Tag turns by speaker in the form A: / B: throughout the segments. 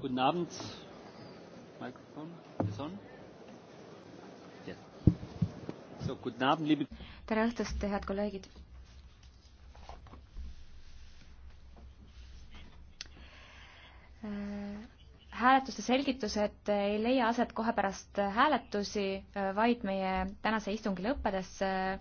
A: Guten Abend. Mikrofon is on. Yes. So, guten Abend, liebe tere õhtust, head kolleegid. Äh, hääletuste selgitused ei leia aset kohe pärast hääletusi, äh, vaid meie tänase istungi lõppedes, äh,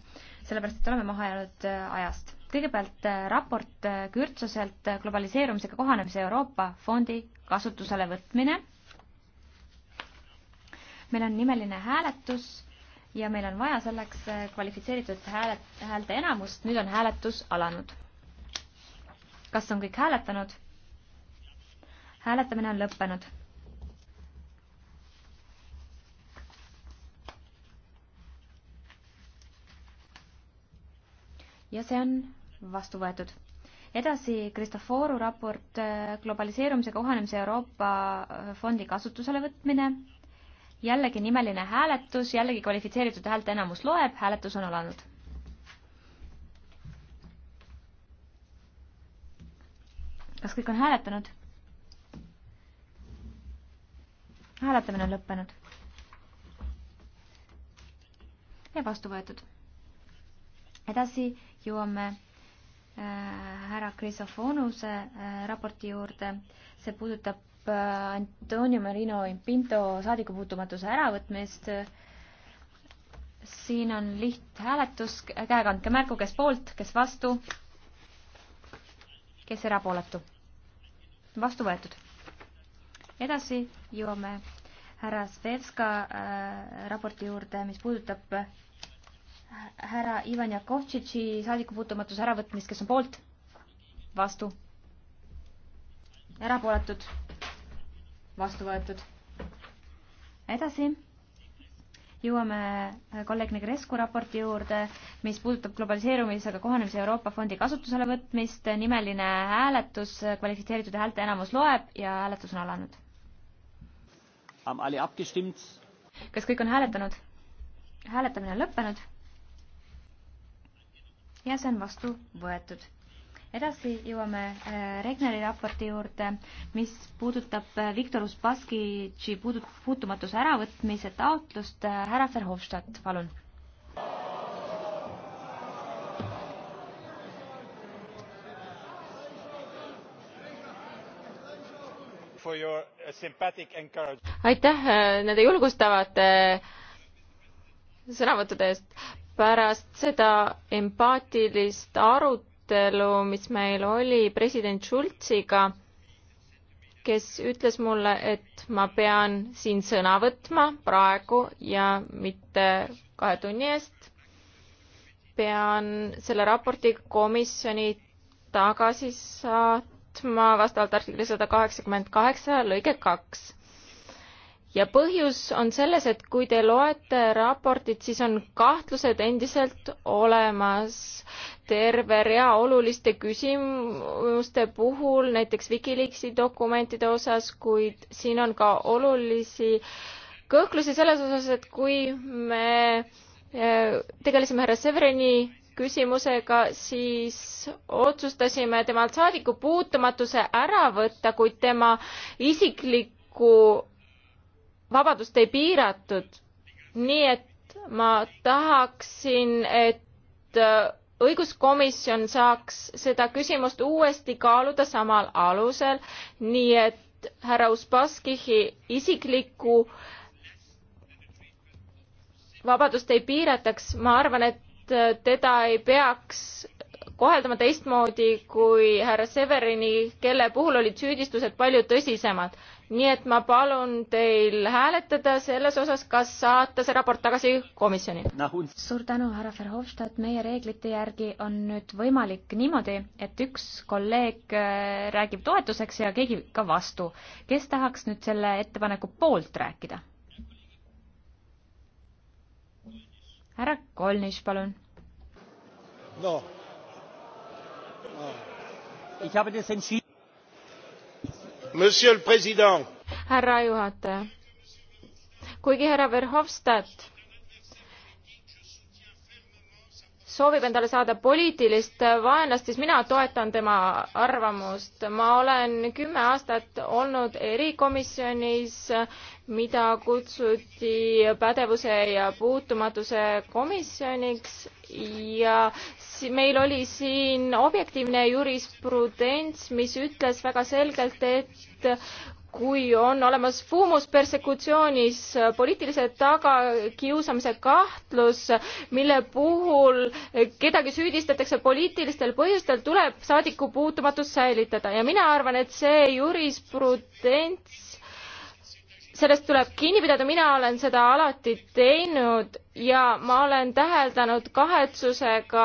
A: sellepärast et oleme maha jäänud ajast kõigepealt äh, raport äh, Kürtsuselt äh, globaliseerumisega kohanemise Euroopa fondi kasutusele võtmine. meil on nimeline hääletus ja meil on vaja selleks kvalifitseeritud hääle, häälte enamust, nüüd on hääletus alanud. kas on kõik hääletanud? hääletamine on lõppenud ja see on vastu võetud. edasi Kristoforu raport äh, globaliseerumise kohanemise Euroopa äh, fondi kasutusele võtmine. jällegi nimeline hääletus, jällegi kvalifitseeritud häälteenamus loeb, hääletus on alanud. kas kõik on hääletanud? hääletamine on lõppenud. ja vastu võetud. edasi jõuame äh, härra Krisofonuse äh, raporti juurde. see puudutab äh, Antonio Marino Pinto saadikupuutumatuse äravõtmist. siin on lihthääletus, käega andke märku, kes poolt, kes vastu, kes erapooletu. vastu võetud. edasi jõuame härra Svevska raporti juurde, mis puudutab härra Ivan Jakovtšitši saadikupuutumatuse äravõtmist, kes on poolt? vastu? erapooletud? vastu võetud? edasi jõuame äh, kolleeg Negrescu raporti juurde, mis puudutab globaliseerumisega kohanemise Euroopa Fondi kasutusele võtmist, nimeline hääletus, äh, kvalifitseeritud häälteenamus loeb ja hääletus on alanud. kas kõik on hääletanud? hääletamine on lõppenud ja see on vastu võetud. edasi jõuame äh, Regneri raporti juurde, mis puudutab äh, Viktor Uspaskici puudu-, puutumatuse äravõtmise taotlust. Äh, härra Verhofstadt, palun. Uh, aitäh
B: nende julgustavate sõnavõttude eest pärast seda empaatilist arutelu, mis meil oli president Schultziga, kes ütles mulle, et ma pean siin sõna võtma praegu ja mitte kahe tunni eest. pean selle raporti komisjoni tagasi saatma vastavalt artiklile sada kaheksakümmend kaheksa lõige kaks ja põhjus on selles, et kui te loete raportit, siis on kahtlused endiselt olemas terve rea oluliste küsimuste puhul, näiteks Wikileaksi dokumentide osas, kuid siin on ka olulisi kõhklusi selles osas, et kui me eh, tegelesime härra Severini küsimusega, siis otsustasime temalt saadiku puutumatuse ära võtta, kuid tema isiklikku vabadust ei piiratud. nii et ma tahaksin, et äh, õiguskomisjon saaks seda küsimust uuesti kaaluda samal alusel, nii et härra Uspaskihi isiklikku vabadust ei piirataks, ma arvan, et äh, teda ei peaks koheldama teistmoodi kui härra Severini, kelle puhul olid süüdistused palju tõsisemad. nii et ma palun teil hääletada selles osas, kas saata see raport tagasi
A: komisjoni. suur tänu, härra Verhofstadt, meie reeglite järgi on nüüd võimalik niimoodi, et üks kolleeg äh, räägib toetuseks ja keegi ka vastu. kes tahaks nüüd selle ettepaneku poolt rääkida? härra Kolnis, palun. noh
B: härra juhataja, kuigi härra Verhofstadt soovib endale saada poliitilist vaenlast, siis mina toetan tema arvamust. ma olen kümme aastat olnud erikomisjonis, mida kutsuti pädevuse ja puutumatuse komisjoniks ja meil oli siin objektiivne jurisprudents, mis ütles väga selgelt, et kui on olemas fumus persekutsioonis poliitilise tagakiusamise kahtlus, mille puhul kedagi süüdistatakse poliitilistel põhjustel, tuleb saadiku puutumatus säilitada ja mina arvan, et see jurisprudents sellest tuleb kinni pidada, mina olen seda alati teinud ja ma olen täheldanud kahetsusega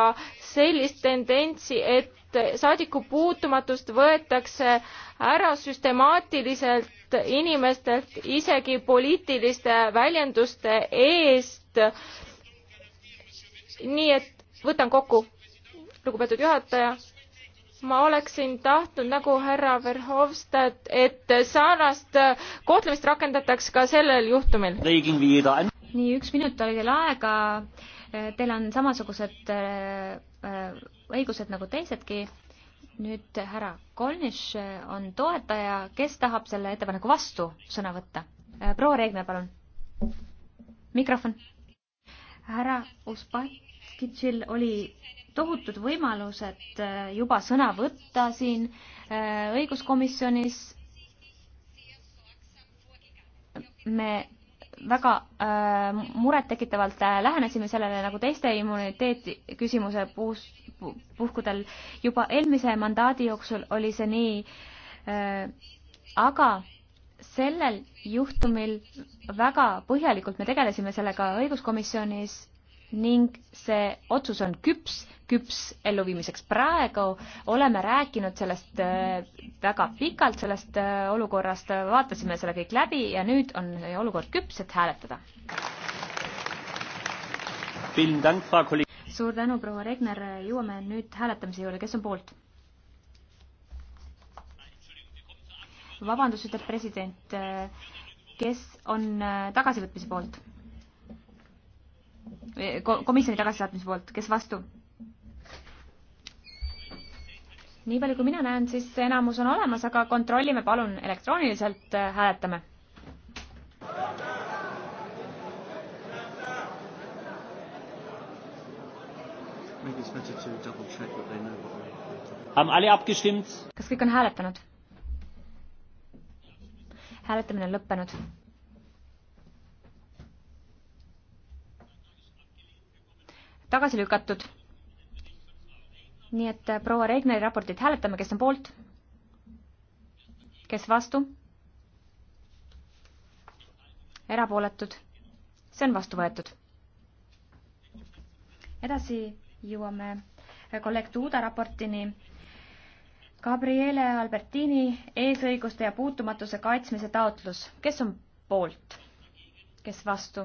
B: sellist tendentsi, et saadikupuutumatust võetakse ära süstemaatiliselt inimestelt isegi poliitiliste väljenduste eest. nii et võtan kokku, lugupeetud juhataja ma oleksin tahtnud nagu härra Verhofstadt, et sarnast kohtlemist rakendataks ka sellel juhtumil.
A: nii, üks minut oli teil aega. Teil on samasugused äh, õigused nagu teisedki. nüüd härra Kolniš on toetaja, kes tahab selle ettepaneku vastu sõna võtta? Äh, proua Reegna, palun. mikrofon. härra Uspakitšil oli tohutud võimalused äh, juba sõna võtta siin äh, õiguskomisjonis. me väga äh, murettekitavalt lähenesime sellele nagu teiste immuniteeti küsimuse puus, puhkudel. juba eelmise mandaadi jooksul oli see nii. aga sellel juhtumil väga põhjalikult me tegelesime sellega õiguskomisjonis ning see otsus on küps, küps elluviimiseks. praegu oleme rääkinud sellest äh, väga pikalt, sellest äh, olukorrast, äh, vaatasime selle kõik läbi ja nüüd on olukord küps, et hääletada. suur tänu, proua Regner, jõuame nüüd hääletamise juurde, kes on poolt? vabandust, ütleb president, kes on tagasivõtmise poolt? komisjoni tagasisaatmise poolt, kes vastu? nii palju, kui mina näen, siis enamus on olemas, aga kontrollime palun elektrooniliselt, äh, hääletame. kas kõik on hääletanud? hääletamine on lõppenud tagasi lükatud. nii et äh, proua Regneri raportit hääletame, kes on poolt? kes vastu? erapooletud? see on vastu võetud. edasi jõuame äh, kolleeg Tuuda raportini. Gabriele Albertini eesõiguste ja puutumatuse kaitsmise taotlus, kes on poolt, kes vastu?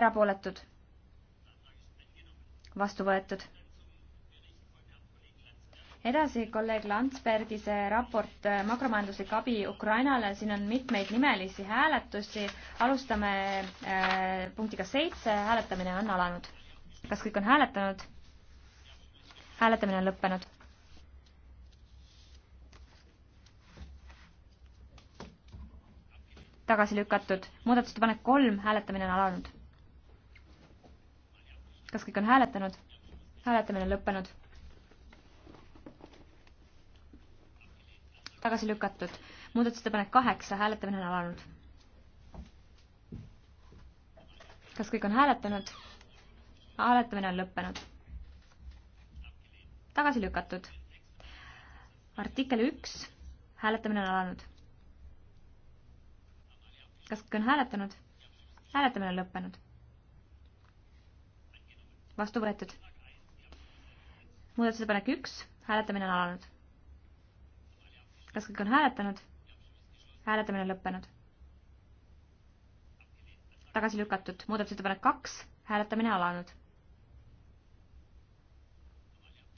A: erapooletud vastu võetud. edasi kolleeg Landsbergise raport äh, makromajanduslik abi Ukrainale, siin on mitmeid nimelisi hääletusi, alustame äh, punktiga seitse, hääletamine on alanud. kas kõik on hääletanud? hääletamine on lõppenud. tagasi lükatud, muudatusettepanek kolm, hääletamine on alanud kas kõik on hääletanud? hääletamine on lõppenud. tagasi lükatud. muudatusettepanek kaheksa, hääletamine on alanud. kas kõik on hääletanud? hääletamine on lõppenud. tagasi lükatud. artikkel üks, hääletamine on alanud. kas kõik on hääletanud? hääletamine on lõppenud vastu võetud. muudatusettepanek üks, hääletamine on alanud. kas kõik on hääletanud? hääletamine on lõppenud. tagasi lükatud, muudatusettepanek kaks, hääletamine alanud.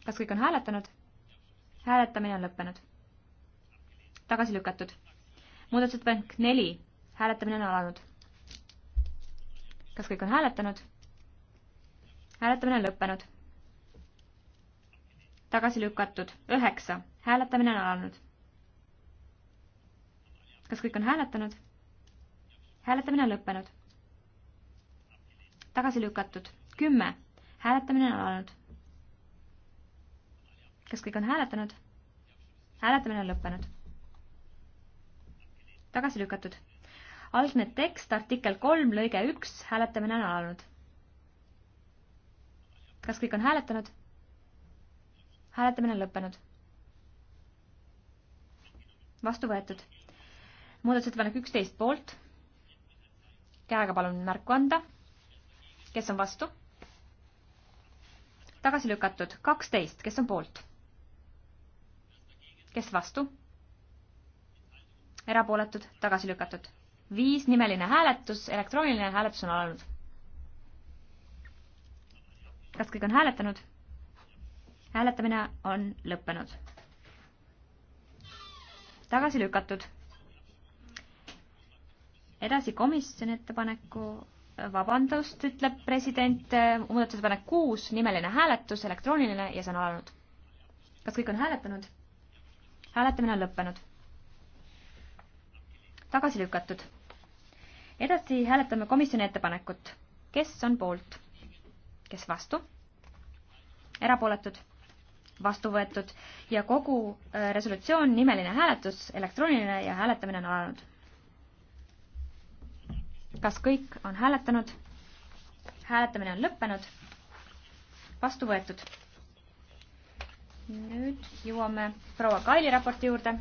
A: kas kõik on hääletanud? hääletamine on lõppenud. tagasi lükatud muudatusettepanek neli, hääletamine on alanud. kas kõik on hääletanud? hääletamine on lõppenud. tagasi lükatud. üheksa. hääletamine on alanud. kas kõik on hääletanud? hääletamine on lõppenud. tagasi lükatud. kümme. hääletamine on alanud. kas kõik on hääletanud? hääletamine on lõppenud. tagasi lükatud. algne tekst, artikkel kolm, lõige üks, hääletamine on alanud kas kõik on hääletanud? hääletamine on lõppenud. vastu võetud. muudatusettepanek üksteist poolt. käega palun märku anda. kes on vastu? tagasi lükatud kaksteist, kes on poolt? kes vastu? erapooletud, tagasi lükatud. viis nimeline hääletus, elektrooniline hääletus on alanud kas kõik on hääletanud? hääletamine on lõppenud. tagasi lükatud. edasi komisjoni ettepaneku, vabandust, ütleb president, muudatusettepanek kuus, nimeline hääletus, elektrooniline ja see on alanud. kas kõik on hääletanud? hääletamine on lõppenud. tagasi lükatud. edasi hääletame komisjoni ettepanekut. kes on poolt? kes vastu, erapooletud, vastu võetud ja kogu äh, resolutsioon, nimeline hääletus, elektrooniline ja hääletamine on alanud. kas kõik on hääletanud? hääletamine on lõppenud, vastu võetud. nüüd jõuame proua Kaili raporti juurde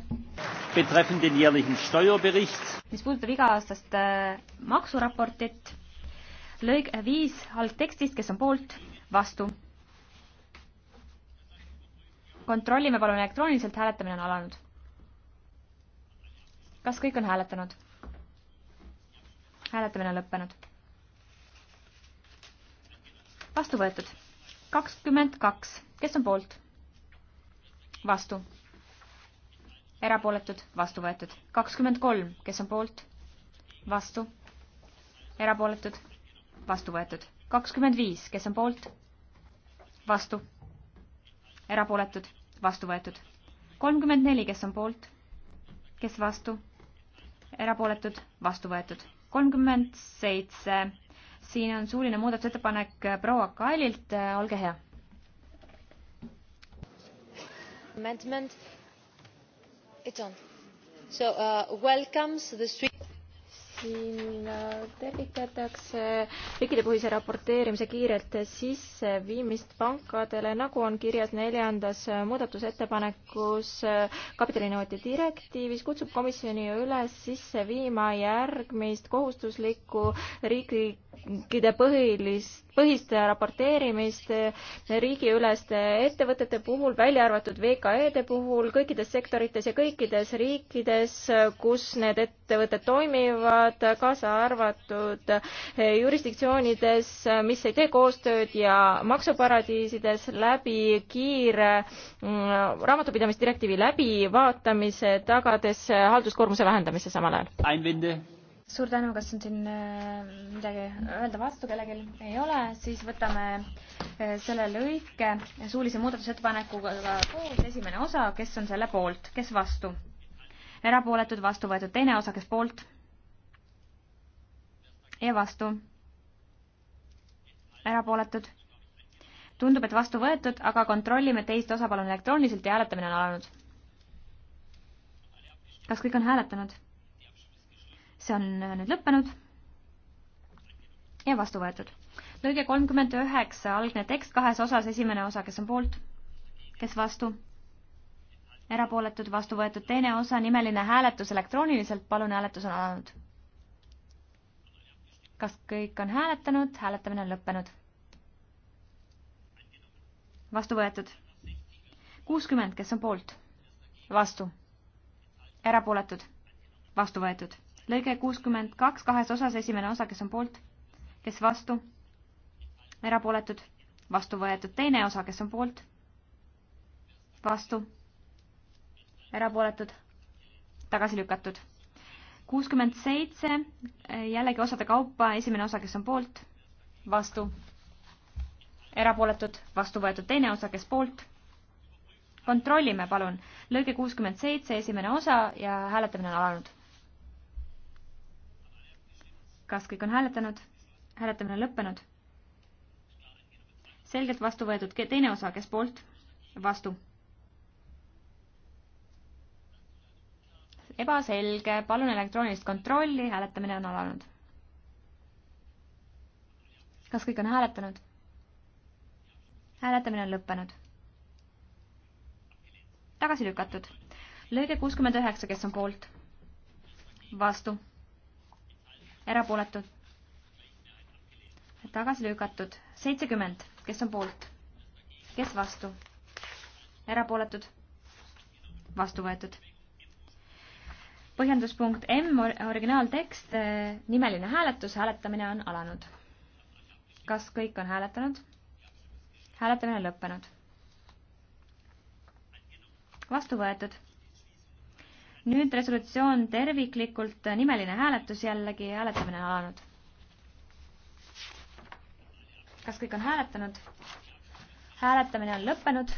A: betreffend den jährlichen Steuerbericht. mis puudutab iga-aastast äh, maksuraportit lõige viis algtekstist, kes on poolt, vastu. kontrollime palun elektrooniliselt, hääletamine on alanud. kas kõik on hääletanud? hääletamine on lõppenud. vastu võetud. kakskümmend kaks, kes on poolt? vastu. erapooletud, vastu võetud. kakskümmend kolm, kes on poolt? vastu erapooletud, vastu võetud. kakskümmend viis, kes on poolt? vastu. erapooletud, vastu võetud. kolmkümmend neli, kes on poolt? kes vastu? erapooletud, vastu võetud. kolmkümmend seitse, siin on suuline muudatusettepanek äh, proua Kaelilt, äh, olge hea. Amendment, it's on.
B: So uh, welcomes the street siin äh, tervitatakse riikidepõhise raporteerimise kiirelt sisseviimist pankadele, nagu on kirjas neljandas äh, muudatusettepanekus äh, kapitalinõuete direktiivis, kutsub komisjoni üles sisse viima järgmist kohustuslikku riiklikku riikide põhilist, põhiste raporteerimist eh, riigiüleste ettevõtete puhul, välja arvatud VKE-de puhul, kõikides sektorites ja kõikides riikides, kus need ettevõtted toimivad, kaasa arvatud eh, jurisdiktsioonides, mis ei tee koostööd ja maksuparadiisides läbi kiire mm, raamatupidamisdirektiivi läbivaatamise, tagades halduskoormuse vähendamise samal ajal
A: suur tänu, kas on siin äh, midagi öelda vastu kellelgi? ei ole, siis võtame äh, selle lõike suulise muudatusettepanekuga koos, esimene osa, kes on selle poolt, kes vastu? erapooletud, vastu võetud, teine osa, kes poolt? ja vastu? erapooletud? tundub, et vastu võetud, aga kontrollime teist osa palun elektrooniliselt ja hääletamine on alanud. kas kõik on hääletanud? see on äh, nüüd lõppenud ja vastu võetud. lõige kolmkümmend üheksa, algne tekst kahes osas, esimene osa, kes on poolt, kes vastu, erapooletud, vastu võetud, teine osa, nimeline hääletus elektrooniliselt, palun, hääletus on alanud. kas kõik on hääletanud, hääletamine on lõppenud? vastu võetud. kuuskümmend, kes on poolt? vastu. erapooletud? vastu võetud lõige kuuskümmend kaks kahes osas, esimene osa, kes on poolt, kes vastu, erapooletud, vastu võetud, teine osa, kes on poolt, vastu, erapooletud, tagasi lükatud. kuuskümmend seitse, jällegi osade kaupa, esimene osa, kes on poolt, vastu, erapooletud, vastu võetud, teine osa, kes poolt kontrollime palun. lõige kuuskümmend seitse, esimene osa ja hääletamine on alanud kas kõik on hääletanud? hääletamine on lõppenud. selgelt vastu võetud, teine osa, kes poolt? vastu. ebaselge, palun elektroonilist kontrolli, hääletamine on alanud. kas kõik on hääletanud? hääletamine on lõppenud. tagasi lükatud. lõige kuuskümmend üheksa, kes on poolt? vastu erapooletud, tagasi lükatud, seitsekümmend, kes on poolt, kes vastu, erapooletud, vastu võetud. põhjenduspunkt M, originaaltekst, nimeline hääletus, hääletamine on alanud. kas kõik on hääletanud? hääletamine on lõppenud. vastu võetud nüüd resolutsioon terviklikult, nimeline hääletus jällegi, hääletamine on alanud. kas kõik on hääletanud? hääletamine on lõppenud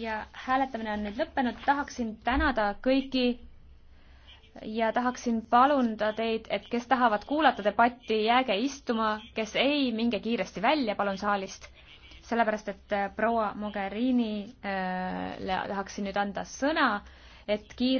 A: ja hääletamine on nüüd lõppenud, tahaksin tänada kõiki ja tahaksin palunda teid, et kes tahavad kuulata debatti, jääge istuma, kes ei, minge kiiresti välja, palun saalist. sellepärast, et proua Mogherinile äh, tahaksin nüüd anda sõna et kiire